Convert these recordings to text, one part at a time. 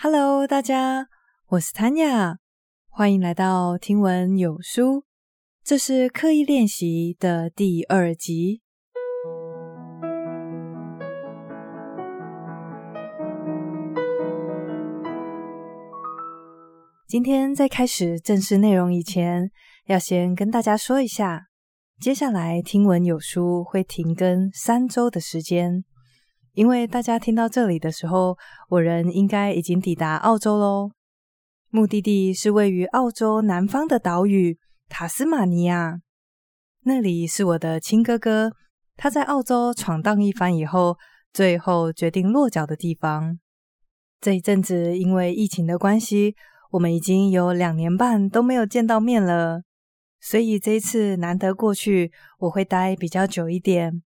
Hello，大家，我是 Tanya，歡迎來到聽聞有書，這是刻意練習的第二集。今天在開始正式內容以前，要先跟大家說一下，接下來聽聞有書會停更三周的時間。因為大家聽到這裡的時候，我人應該已經抵達澳洲嘍。目的地是位於澳洲南方的島嶼塔斯馬尼亞，那裡是我的親哥哥，他在澳洲闖蕩一番以後，最後決定落腳的地方。這一陣子因為疫情的關係，我們已經有兩年半都沒有見到面了，所以這一次難得過去，我會待比較久一點。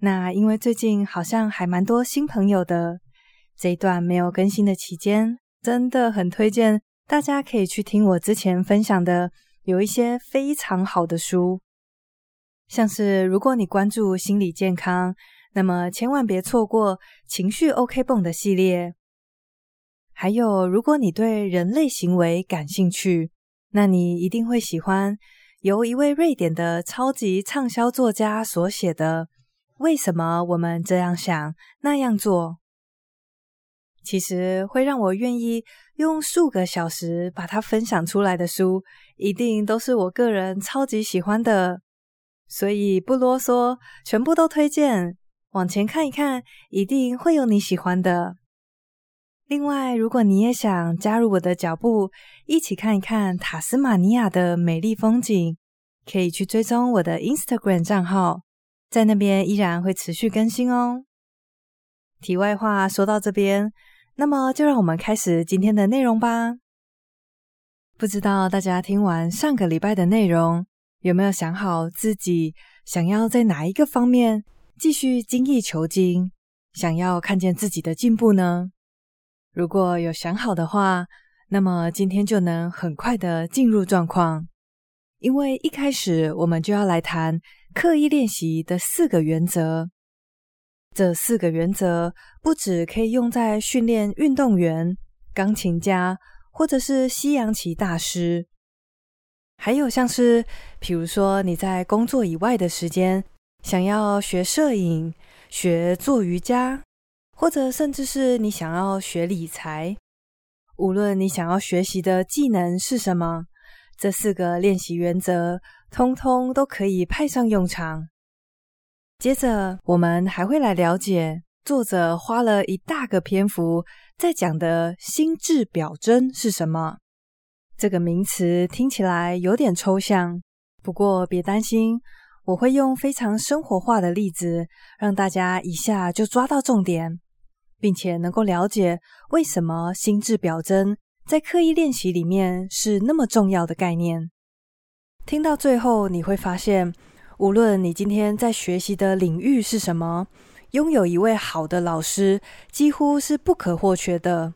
那因為最近好像還蠻多新朋友的，這一段沒有更新的期間，真的很推薦大家可以去聽我之前分享的有一些非常好的書，像是如果你關注心理健康，那麼千萬別錯過《情緒 OK 繃》的系列。還有，如果你對人類行為感興趣，那你一定會喜歡由一位瑞典的超級暢銷作家所寫的。為什麼我們這樣想，那樣做？其實會讓我願意用數個小時把它分享出來的書，一定都是我個人超級喜歡的，所以不囉嗦，全部都推薦。往前看一看，一定會有你喜歡的。另外，如果你也想加入我的腳步，一起看一看塔斯馬尼亞的美麗風景，可以去追蹤我的 Instagram 賬號。在那邊依然會持續更新哦。題外話說到這邊，那麼就讓我們開始今天的內容吧。不知道大家聽完上個禮拜的內容，有沒有想好自己想要在哪一個方面繼續精益求精，想要看見自己的進步呢？如果有想好的話，那麼今天就能很快的進入狀況。因為一開始我們就要來談。刻意練習的四個原則，這四個原則不只可以用在訓練運動員、鋼琴家，或者是西洋棋大師，還有像是，比如說你在工作以外的時間，想要學攝影、學做瑜伽，或者甚至是你想要學理財，無論你想要學習的技能是什麼，這四個練習原則通通都可以派上用場。接着，我們還會來了解作者花了一大個篇幅在講的心智表徵是什麼。這個名詞聽起來有點抽象，不過別擔心，我會用非常生活化的例子，讓大家一下就抓到重點，並且能夠了解為什麼心智表徵在刻意練習裡面是那麼重要的概念。聽到最後，你會發現，無論你今天在學習的領域是什麼，擁有一位好的老師幾乎是不可或缺的。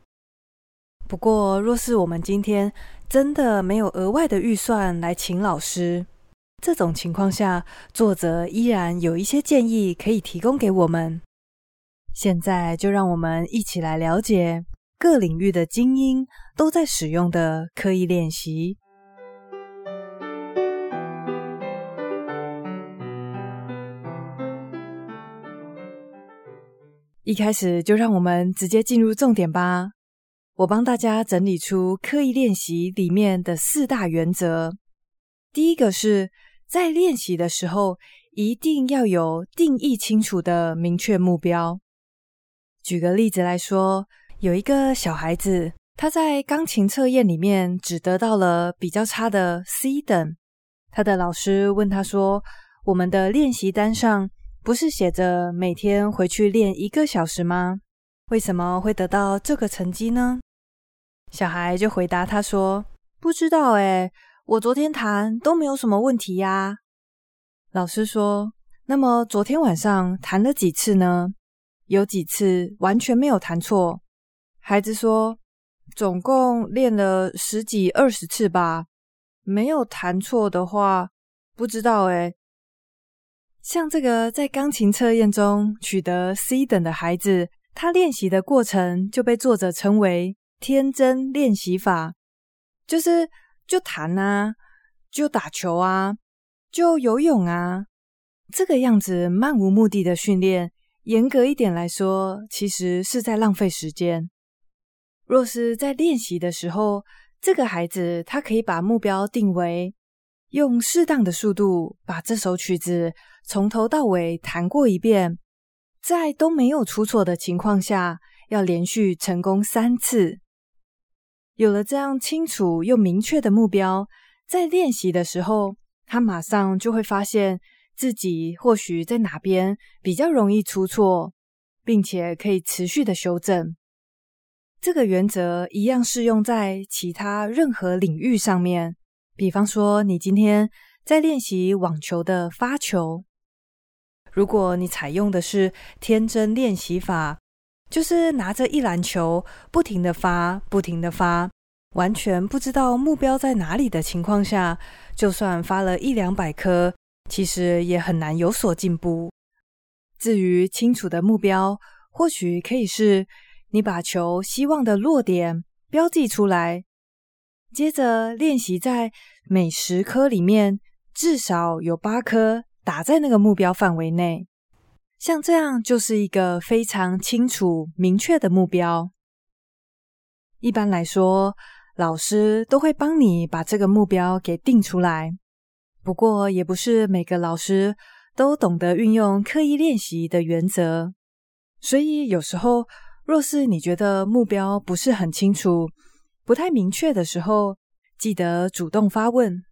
不過，若是我們今天真的沒有額外的預算來請老師，這種情況下，作者依然有一些建議可以提供給我們。現在，就讓我們一起來了解各領域的精英都在使用的刻意練習。一開始就讓我們直接進入重點吧。我幫大家整理出刻意練習裡面的四大原則。第一個是在練習的時候，一定要有定義清楚的明確目標。舉個例子來說，有一個小孩子，他在鋼琴測驗裡面只得到了比較差的 C 等。他的老師問他說：“我們的練習單上？”不是寫着每天回去練一個小時嗎？為什麼會得到這個成績呢？小孩就回答他說：“不知道誒，我昨天彈都沒有什麼問題呀、啊。”老師說：“那麼昨天晚上彈了幾次呢？有幾次完全沒有彈錯？”孩子說：“總共練了十幾二十次吧，沒有彈錯的話，不知道誒像這個在鋼琴測驗中取得 C 等的孩子，他練習的過程就被作者稱為“天真練習法”，就是就彈啊，就打球啊，就游泳啊，這個樣子漫無目的的訓練，嚴格一點來說，其實是在浪費時間。若是在練習的時候，這個孩子他可以把目標定為用適當的速度把這首曲子，從頭到尾彈過一遍，在都沒有出錯的情況下，要連續成功三次。有了這樣清楚又明確的目標，在練習的時候，他馬上就會發現自己或許在哪邊比較容易出錯，並且可以持續的修正。這個原則一樣適用在其他任何領域上面。比方說，你今天在練習網球的發球。如果你採用的是天真練習法，就是拿着一籃球不停的發，不停的發，完全不知道目標在哪裡的情況下，就算發了一兩百顆，其實也很難有所進步。至於清楚的目標，或許可以是你把球希望的落點標記出來，接着練習，在每十顆裡面至少有八顆，打在那個目標範圍內，像這樣就是一個非常清楚、明確的目標。一般來說，老師都會幫你把這個目標給定出來。不過，也不是每個老師都懂得運用刻意練習的原則，所以有時候，若是你覺得目標不是很清楚、不太明確的時候，記得主動發問。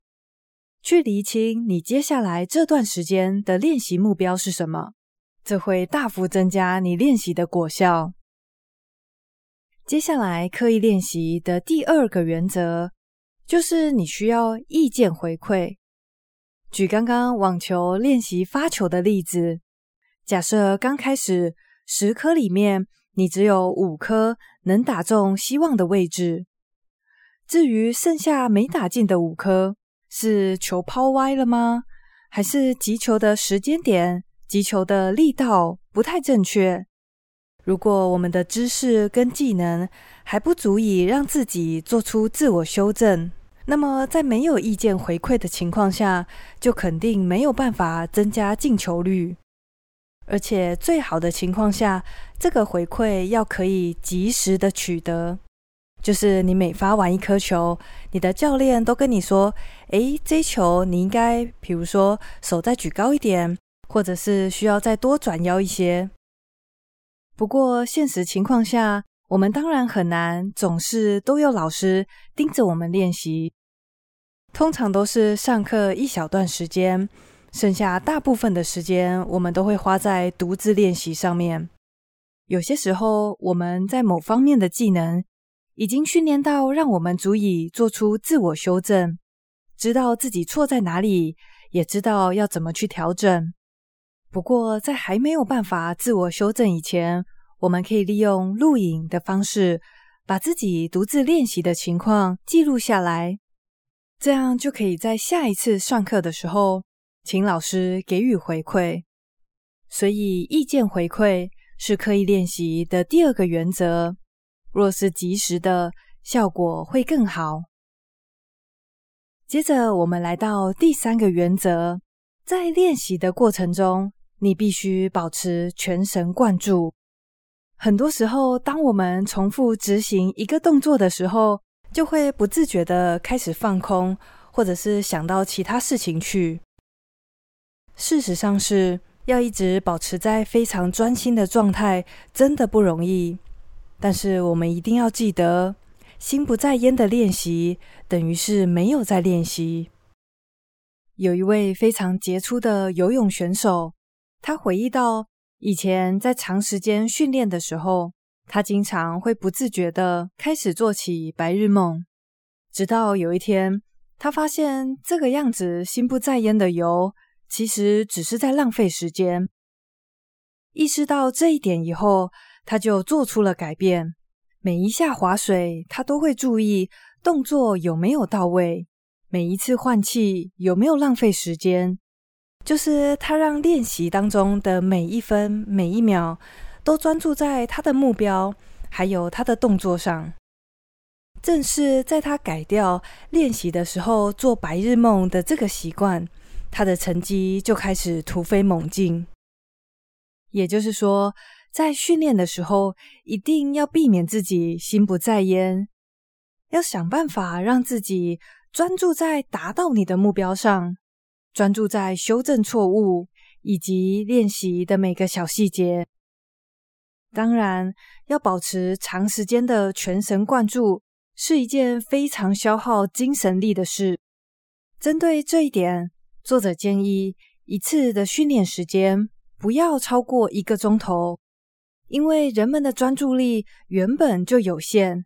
去釐清你接下來這段時間的練習目標是什麼，這會大幅增加你練習的果效。接下來刻意練習的第二個原則，就是你需要意見回饋。舉剛剛網球練習發球的例子，假設剛開始十顆裡面你只有五顆能打中希望的位置，至於剩下沒打進的五顆，是球拋歪了嗎？還是擊球的時間點、擊球的力道不太正確？如果我們的知識跟技能還不足以讓自己做出自我修正，那麼在沒有意見回饋的情況下，就肯定沒有辦法增加進球率。而且，最好的情況下，這個回饋要可以及時的取得。就是你每發完一顆球，你的教練都跟你說：“誒，這一球你應該，比如說手再舉高一點，或者是需要再多轉腰一些。”不過，現實情況下，我們當然很難總是都有老師盯着我們練習。通常都是上課一小段時間，剩下大部分的時間，我們都會花在獨自練習上面。有些時候，我們在某方面的技能，已經訓練到讓我們足以做出自我修正，知道自己錯在哪裡，也知道要怎麼去調整。不過，在還沒有辦法自我修正以前，我們可以利用錄影的方式，把自己獨自練習的情況記錄下來，這樣就可以在下一次上課的時候，請老師給予回饋。所以，意見回饋是刻意練習的第二個原則。若是及時的，效果會更好。接着，我們來到第三個原則：在練習的過程中，你必須保持全神貫注。很多時候，當我們重複執行一個動作的時候，就會不自覺地開始放空，或者是想到其他事情去。事實上是，是要一直保持在非常專心的狀態，真的不容易。但是我們一定要記得，心不在焉的練習等於是沒有在練習。有一位非常傑出的游泳選手，他回憶到以前在長時間訓練的時候，他經常會不自覺的開始做起白日夢。直到有一天，他發現這個樣子心不在焉的游，其實只是在浪費時間。意識到這一點以後，他就做出了改變，每一下划水，他都會注意動作有沒有到位；每一次換氣，有沒有浪費時間。就是他讓練習當中的每一分每一秒都專注在他的目標，還有他的動作上。正是在他改掉練習的時候做白日夢的這個習慣，他的成績就開始突飛猛進。也就是說。在訓練的時候，一定要避免自己心不在焉，要想辦法讓自己專注在達到你的目標上，專注在修正錯誤以及練習的每個小細節。當然，要保持長時間的全神貫注是一件非常消耗精神力的事。針對這一點，作者建議一次的訓練時間不要超過一個鐘頭。因為人們的專注力原本就有限，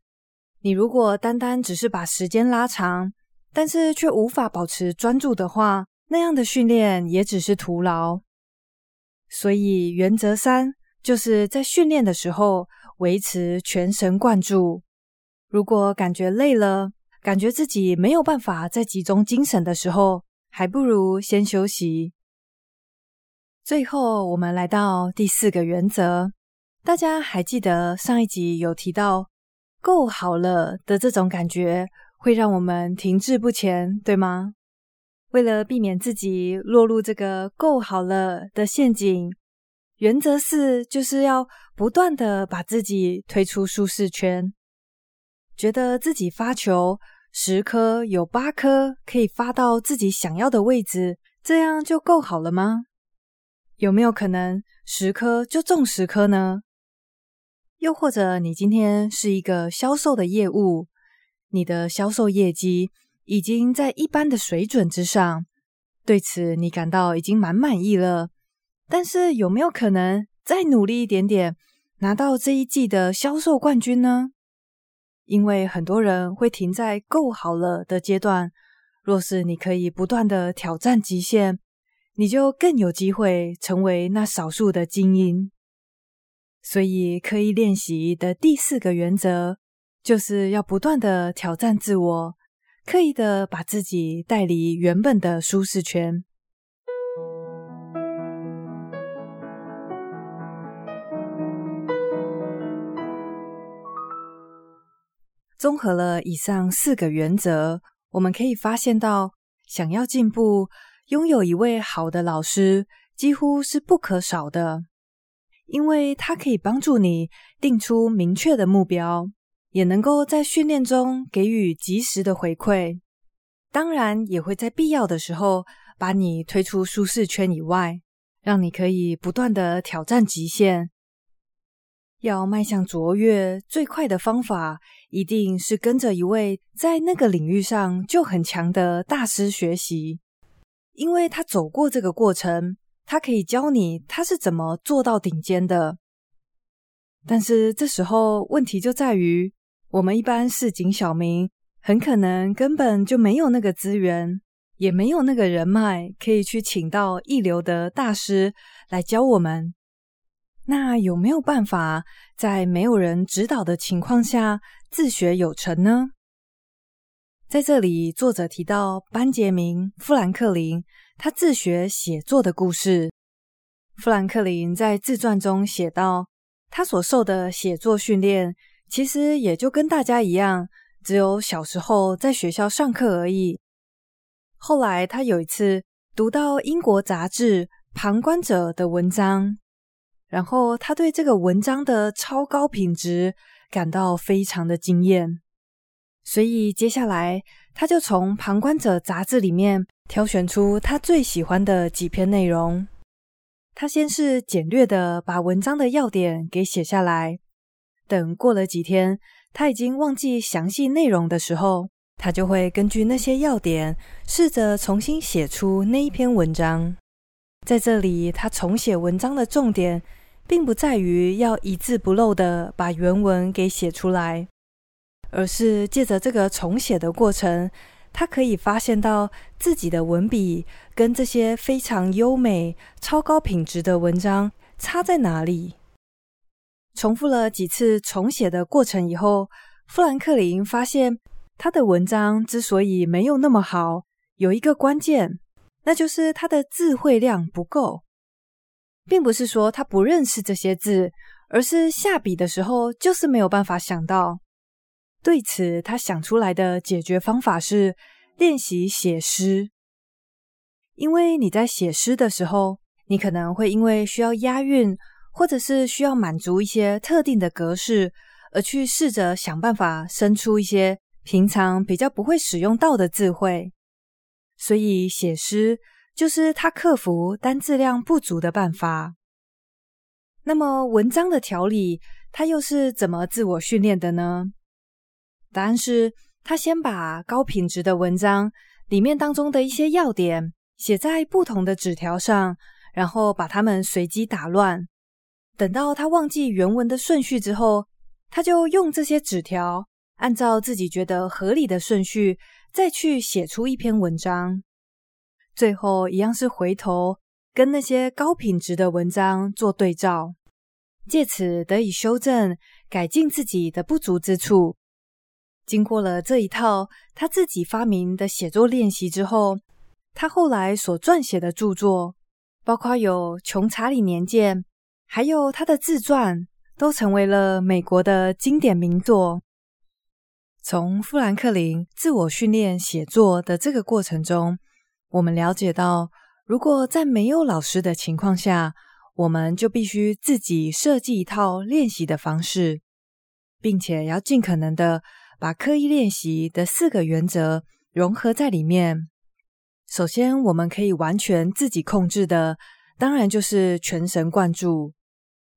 你如果單單只是把時間拉長，但是卻無法保持專注的話，那樣的訓練也只是徒勞。所以原則三就是在訓練的時候維持全神貫注。如果感覺累了，感覺自己沒有辦法再集中精神的時候，還不如先休息。最後，我們來到第四個原則。大家還記得上一集有提到“夠好了”的這種感覺會讓我們停滯不前，對嗎？為了避免自己落入這個“夠好了”的陷阱，原則四就是要不斷的把自己推出舒適圈。覺得自己發球十顆有八顆可以發到自己想要的位置，這樣就夠好了嗎？有沒有可能十顆就中十顆呢？又或者，你今天是一個銷售的業務，你的銷售業績已經在一般的水準之上，對此你感到已經蠻滿，滿意了。但是有沒有可能再努力一點點，拿到這一季的銷售冠軍呢？因為很多人會停在夠好了的階段。若是你可以不斷的挑戰極限，你就更有機會成為那少數的精英。所以，刻意練習的第四個原則就是要不斷的挑戰自我，刻意的把自己帶離原本的舒適圈。綜合了以上四個原則，我們可以發現到，想要進步，擁有一位好的老師幾乎是不可少的。因為它可以幫助你定出明確的目標，也能夠在訓練中給予及時的回饋。當然，也會在必要的時候把你推出舒適圈以外，讓你可以不斷的挑戰極限。要邁向卓越，最快的方法一定是跟着一位在那個領域上就很強的大師學習，因為他走過這個過程。他可以教你他是怎麼做到頂尖的，但是這時候問題就在於，我們一般市井小民，很可能根本就沒有那個資源，也沒有那個人脈，可以去請到一流的大師來教我們。那有沒有辦法在沒有人指導的情況下自學有成呢？在這裡，作者提到班傑明富蘭克林。他自學寫作的故事。富蘭克林在自傳中寫道：“他所受的寫作訓練，其實也就跟大家一樣，只有小時候在學校上課而已。”後來，他有一次讀到英國雜誌《旁觀者》的文章，然後他對這個文章的超高品質感到非常的驚艷，所以接下來他就從《旁觀者》雜誌裡面，挑選出他最喜歡的幾篇內容，他先是簡略的把文章的要點給寫下來。等過了幾天，他已經忘記詳細內容的時候，他就會根據那些要點，試着重新寫出那一篇文章。在這裡，他重寫文章的重點，並不在於要一字不漏的把原文給寫出來，而是借着這個重寫的過程。他可以發現到自己的文筆跟這些非常優美、超高品質的文章差在哪裡。重複了幾次重寫的過程以後，富蘭克林發現他的文章之所以沒有那麼好，有一個關鍵，那就是他的字彙量不夠。並不是說他不認識這些字，而是下筆的時候就是沒有辦法想到。對此，他想出來的解決方法是練習寫詩，因為你在寫詩的時候，你可能會因為需要押韻，或者是需要滿足一些特定的格式，而去試着想辦法生出一些平常比較不會使用到的字彙。所以，寫詩就是他克服單字量不足的辦法。那麼，文章的條理，他又是怎麼自我訓練的呢？答案是他先把高品質的文章裡面當中的一些要點寫在不同的紙條上，然後把它們隨機打亂。等到他忘記原文的順序之後，他就用這些紙條按照自己覺得合理的順序再去寫出一篇文章。最後一樣是回頭跟那些高品質的文章做對照，借此得以修正、改進自己的不足之處。經過了這一套他自己發明的寫作練習之後，他後來所撰寫的著作，包括有《窮查理年鑑》，還有他的自傳，都成為了美國的經典名作。從富蘭克林自我訓練寫作的這個過程中，我們了解到，如果在沒有老師的情況下，我們就必須自己設計一套練習的方式，並且要盡可能的。把刻意練習的四個原則融合在裡面。首先，我們可以完全自己控制的，當然就是全神貫注。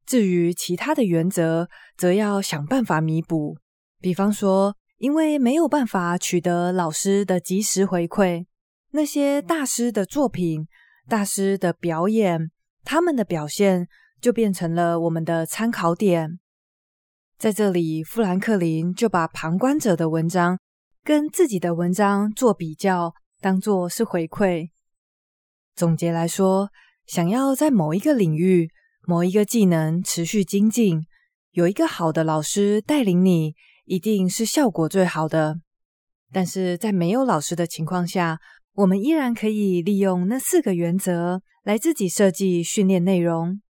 至於其他的原則，則要想辦法彌補。比方說，因為沒有辦法取得老師的即時回饋，那些大師的作品、大師的表演，他們的表現就變成了我們的參考點。在這裡，富蘭克林就把旁觀者的文章跟自己的文章做比較，當作是回饋。總結來說，想要在某一個領域、某一個技能持續精進，有一個好的老師帶領你，一定是效果最好的。但是在沒有老師的情況下，我們依然可以利用那四個原則來自己設計訓練內容。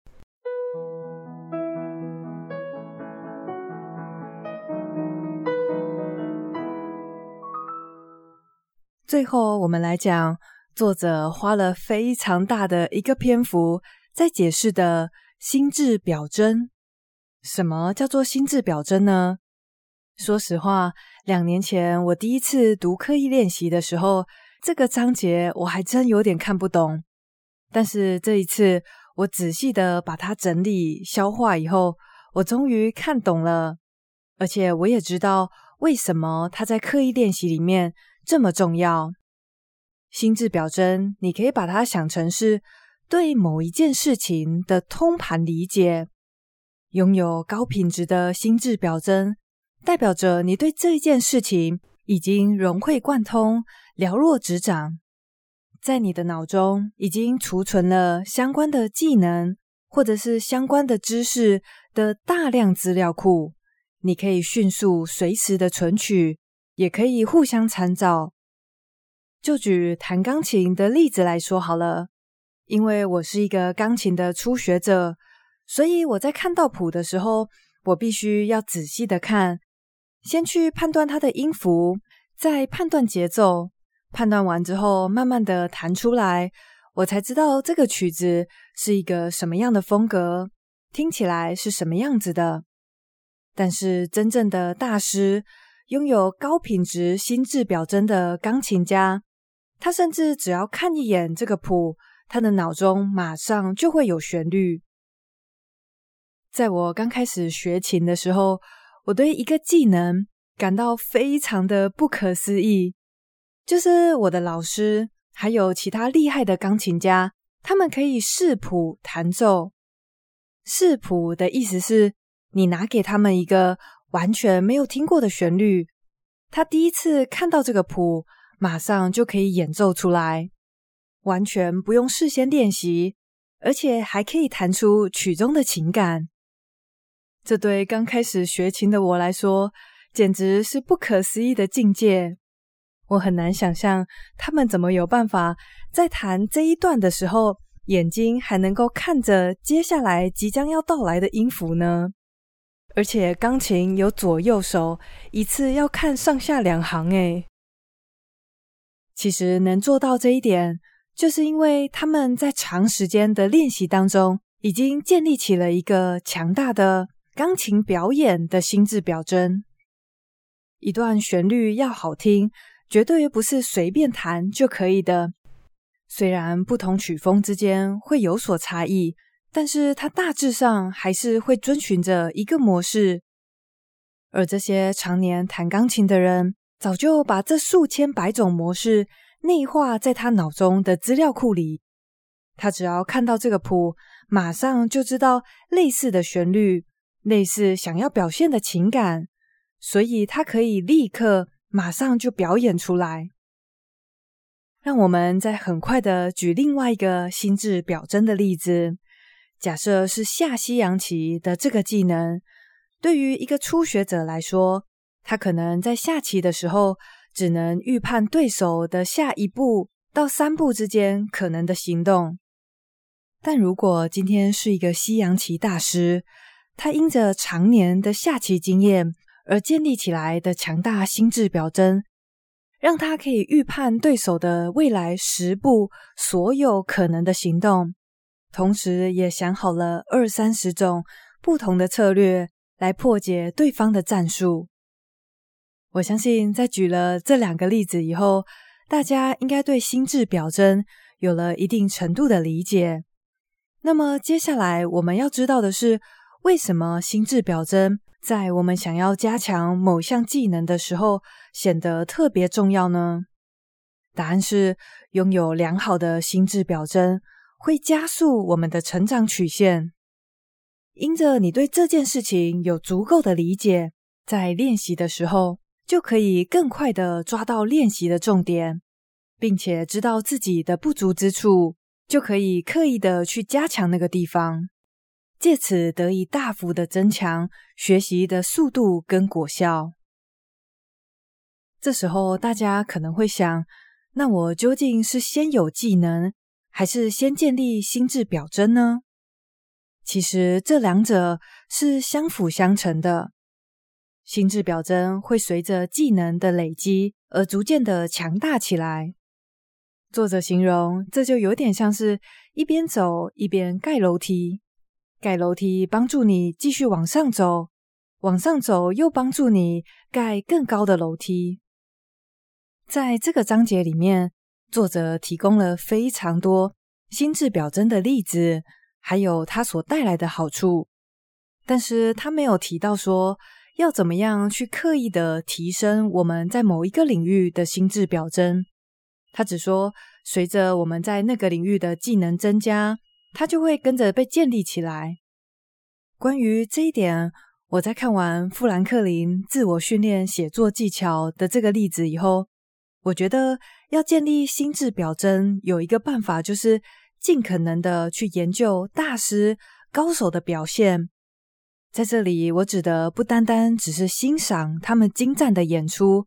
最後，我們來講作者花了非常大的一個篇幅在解釋的心智表徵。什麼叫做心智表徵呢？說實話，兩年前我第一次讀刻意練習的時候，這個章節我還真有點看不懂。但是這一次，我仔細的把它整理消化以後，我終於看懂了，而且我也知道為什麼他在刻意練習裡面。這麼重要。心智表徵，你可以把它想成是對某一件事情的通盤理解。擁有高品質的心智表徵，代表着你對這一件事情已經融會貫通、了若指掌，在你的腦中已經儲存了相關的技能或者是相關的知識的大量資料庫，你可以迅速、隨時的存取。也可以互相參照。就舉彈鋼琴的例子來說好了，因為我是一個鋼琴的初學者，所以我在看到譜的時候，我必須要仔細的看，先去判斷它的音符，再判斷節奏。判斷完之後，慢慢的彈出來，我才知道這個曲子是一個什麼樣的風格，聽起來是什麼樣子的。但是真正的大師，擁有高品質心智表徵的鋼琴家，他甚至只要看一眼這個譜，他的腦中馬上就會有旋律。在我剛開始學琴的時候，我對一個技能感到非常的不可思議，就是我的老師還有其他厲害的鋼琴家，他們可以視譜彈奏。視譜的意思是，你拿給他們一個完全沒有聽過的旋律，他第一次看到這個譜，馬上就可以演奏出來，完全不用事先練習，而且還可以彈出曲中的情感。這對剛開始學琴的我來說，簡直是不可思議的境界。我很難想象他們怎麼有辦法在彈這一段的時候，眼睛還能夠看着接下來即將要到來的音符呢？而且鋼琴有左右手，一次要看上下兩行誒。其實能做到這一點，就是因為他們在長時間的練習當中，已經建立起了一個強大的鋼琴表演的心智表徵。一段旋律要好聽，絕對不是隨便彈就可以的。雖然不同曲風之間會有所差異。但是他大致上還是會遵循着一個模式，而這些常年彈鋼琴的人早就把這數千百種模式內化在他腦中的資料庫裡，他只要看到這個譜，馬上就知道類似的旋律、類似想要表現的情感，所以他可以立刻馬上就表演出來。讓我們再很快的舉另外一個心智表徵的例子。假設是下西洋棋的這個技能，對於一個初學者來說，他可能在下棋的時候只能預判對手的下一步到三步之間可能的行動。但如果今天是一個西洋棋大師，他因着常年的下棋經驗而建立起來的強大心智表徵，讓他可以預判對手的未來十步所有可能的行動。同時也想好了二三十種不同的策略來破解對方的戰術。我相信在舉了這兩個例子以後，大家應該對心智表徵有了一定程度的理解。那麼接下來我們要知道的是，為什麼心智表徵在我們想要加強某項技能的時候顯得特別重要呢？答案是，擁有良好的心智表徵。會加速我們的成長曲線，因着你對這件事情有足夠的理解，在練習的時候就可以更快的抓到練習的重點，並且知道自己的不足之處，就可以刻意的去加強那個地方，借此得以大幅的增強學習的速度跟果效。這時候大家可能會想，那我究竟是先有技能？還是先建立心智表徵呢？其實這兩者是相輔相成的。心智表徵會隨着技能的累積而逐漸的強大起來。作者形容，這就有點像是一邊走一邊蓋樓梯，蓋樓梯幫助你繼續往上走，往上走又幫助你蓋更高的樓梯。在這個章節裡面，作者提供了非常多心智表徵的例子，還有他所帶來的好處，但是他沒有提到說要怎麼樣去刻意的提升我們在某一個領域的心智表徵。他只說隨着我們在那個領域的技能增加，他就會跟着被建立起來。關於這一點，我在看完富蘭克林自我訓練寫作技巧的這個例子以後，我覺得要建立心智表徵，有一個辦法就是盡可能的去研究大師、高手的表現。在這裡，我指的不單單只是欣賞他們精湛的演出，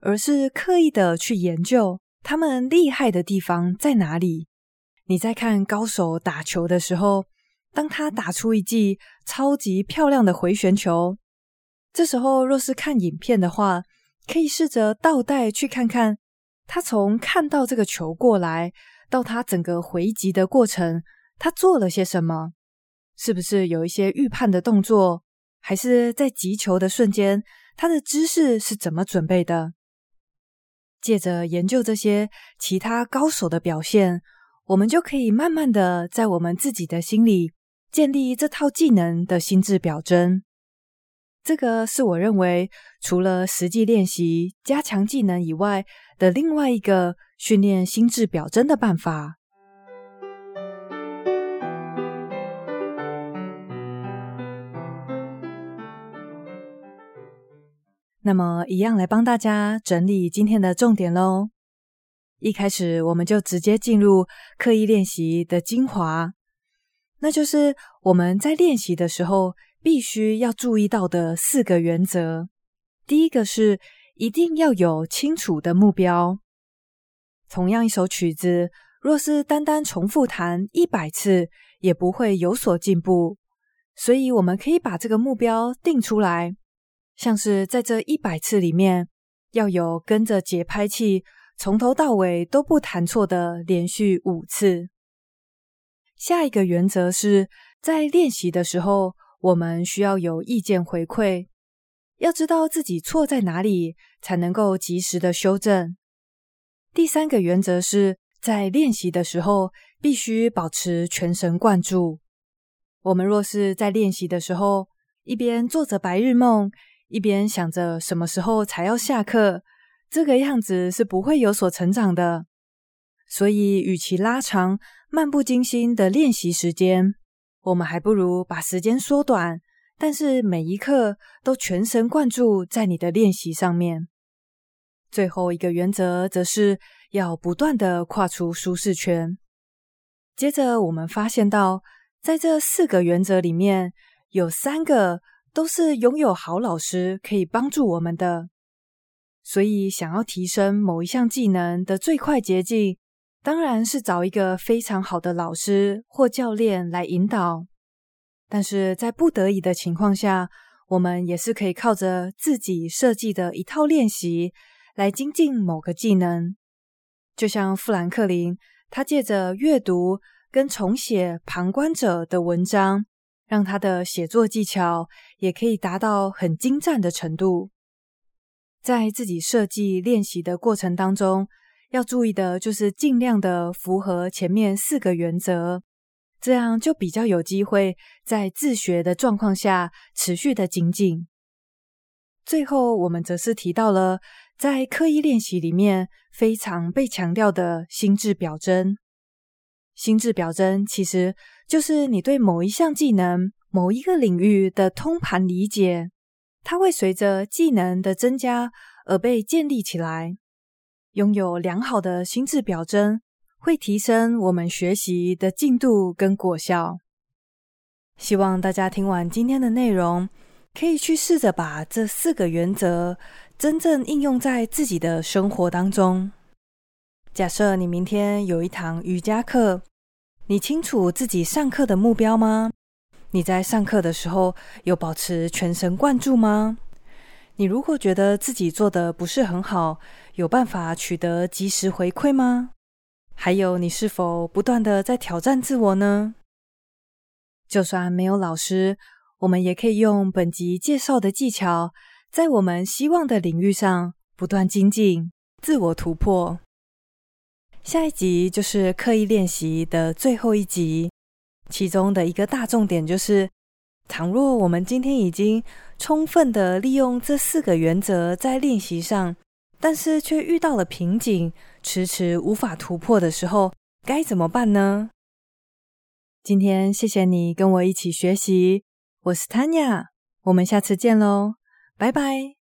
而是刻意的去研究他們厲害的地方在哪裡。你在看高手打球的時候，當他打出一記超級漂亮的回旋球，這時候若是看影片的話。可以試着倒帶去看看，他從看到這個球過來到他整個回擊的過程，他做了些什麼？是不是有一些預判的動作？還是在擊球的瞬間，他的姿勢是怎麼準備的？借着研究這些其他高手的表現，我們就可以慢慢的在我們自己的心裡建立這套技能的心智表徵。這個是我認為，除了實際練習加強技能以外的另外一個訓練心智表徵的辦法。那麼，一樣來幫大家整理今天的重點嘍。一開始，我們就直接進入刻意練習的精華，那就是我們在練習的時候，必須要注意到的四個原則，第一個是一定要有清楚的目標。同樣一首曲子，若是單單重複彈一百次，也不會有所進步。所以我們可以把這個目標定出來，像是在這一百次裡面，要有跟着節拍器從頭到尾都不彈錯的連續五次。下一個原則是在練習的時候。我們需要有意見回饋，要知道自己錯在哪裡，才能夠及時的修正。第三個原則是在練習的時候必須保持全神貫注。我們若是在練習的時候一邊做着白日夢，一邊想着什麼時候才要下課，這個樣子是不會有所成長的。所以，與其拉長漫不經心的練習時間。我們還不如把時間縮短，但是每一刻都全神貫注在你的練習上面。最後一個原則則是要不斷地跨出舒適圈。接着，我們發現到，在這四個原則裡面，有三個都是擁有好老師可以幫助我們的。所以，想要提升某一項技能的最快捷徑。當然是找一個非常好的老師或教練來引導，但是在不得已的情況下，我們也是可以靠着自己設計的一套練習來精進某個技能。就像富蘭克林，他借着閱讀跟重寫《旁觀者》的文章，讓他的寫作技巧也可以達到很精湛的程度。在自己設計練習的過程當中。要注意的就是儘量的符合前面四個原則，這樣就比較有機會在自學的狀況下持續的精進。最後，我們則是提到了在刻意練習裡面非常被強調的心智表徵。心智表徵其實就是你對某一項技能、某一個領域的通盤理解，它會隨着技能的增加而被建立起來。擁有良好的心智表徵，會提升我們學習的進度跟果效。希望大家聽完今天的內容，可以去試着把這四個原則真正應用在自己的生活當中。假設你明天有一堂瑜伽課，你清楚自己上課的目標嗎？你在上課的時候有保持全神貫注嗎？你如果覺得自己做的不是很好，有辦法取得即時回饋嗎？還有，你是否不斷的在挑戰自我呢？就算沒有老師，我們也可以用本集介紹的技巧，在我們希望的領域上不斷精進、自我突破。下一集就是刻意練習的最後一集，其中的一個大重點就是。倘若我們今天已經充分的利用這四個原則在練習上，但是卻遇到了瓶頸，遲遲無法突破的時候，該怎麼辦呢？今天謝謝你跟我一起學習，我是 Tanya，我們下次見嘍，拜拜。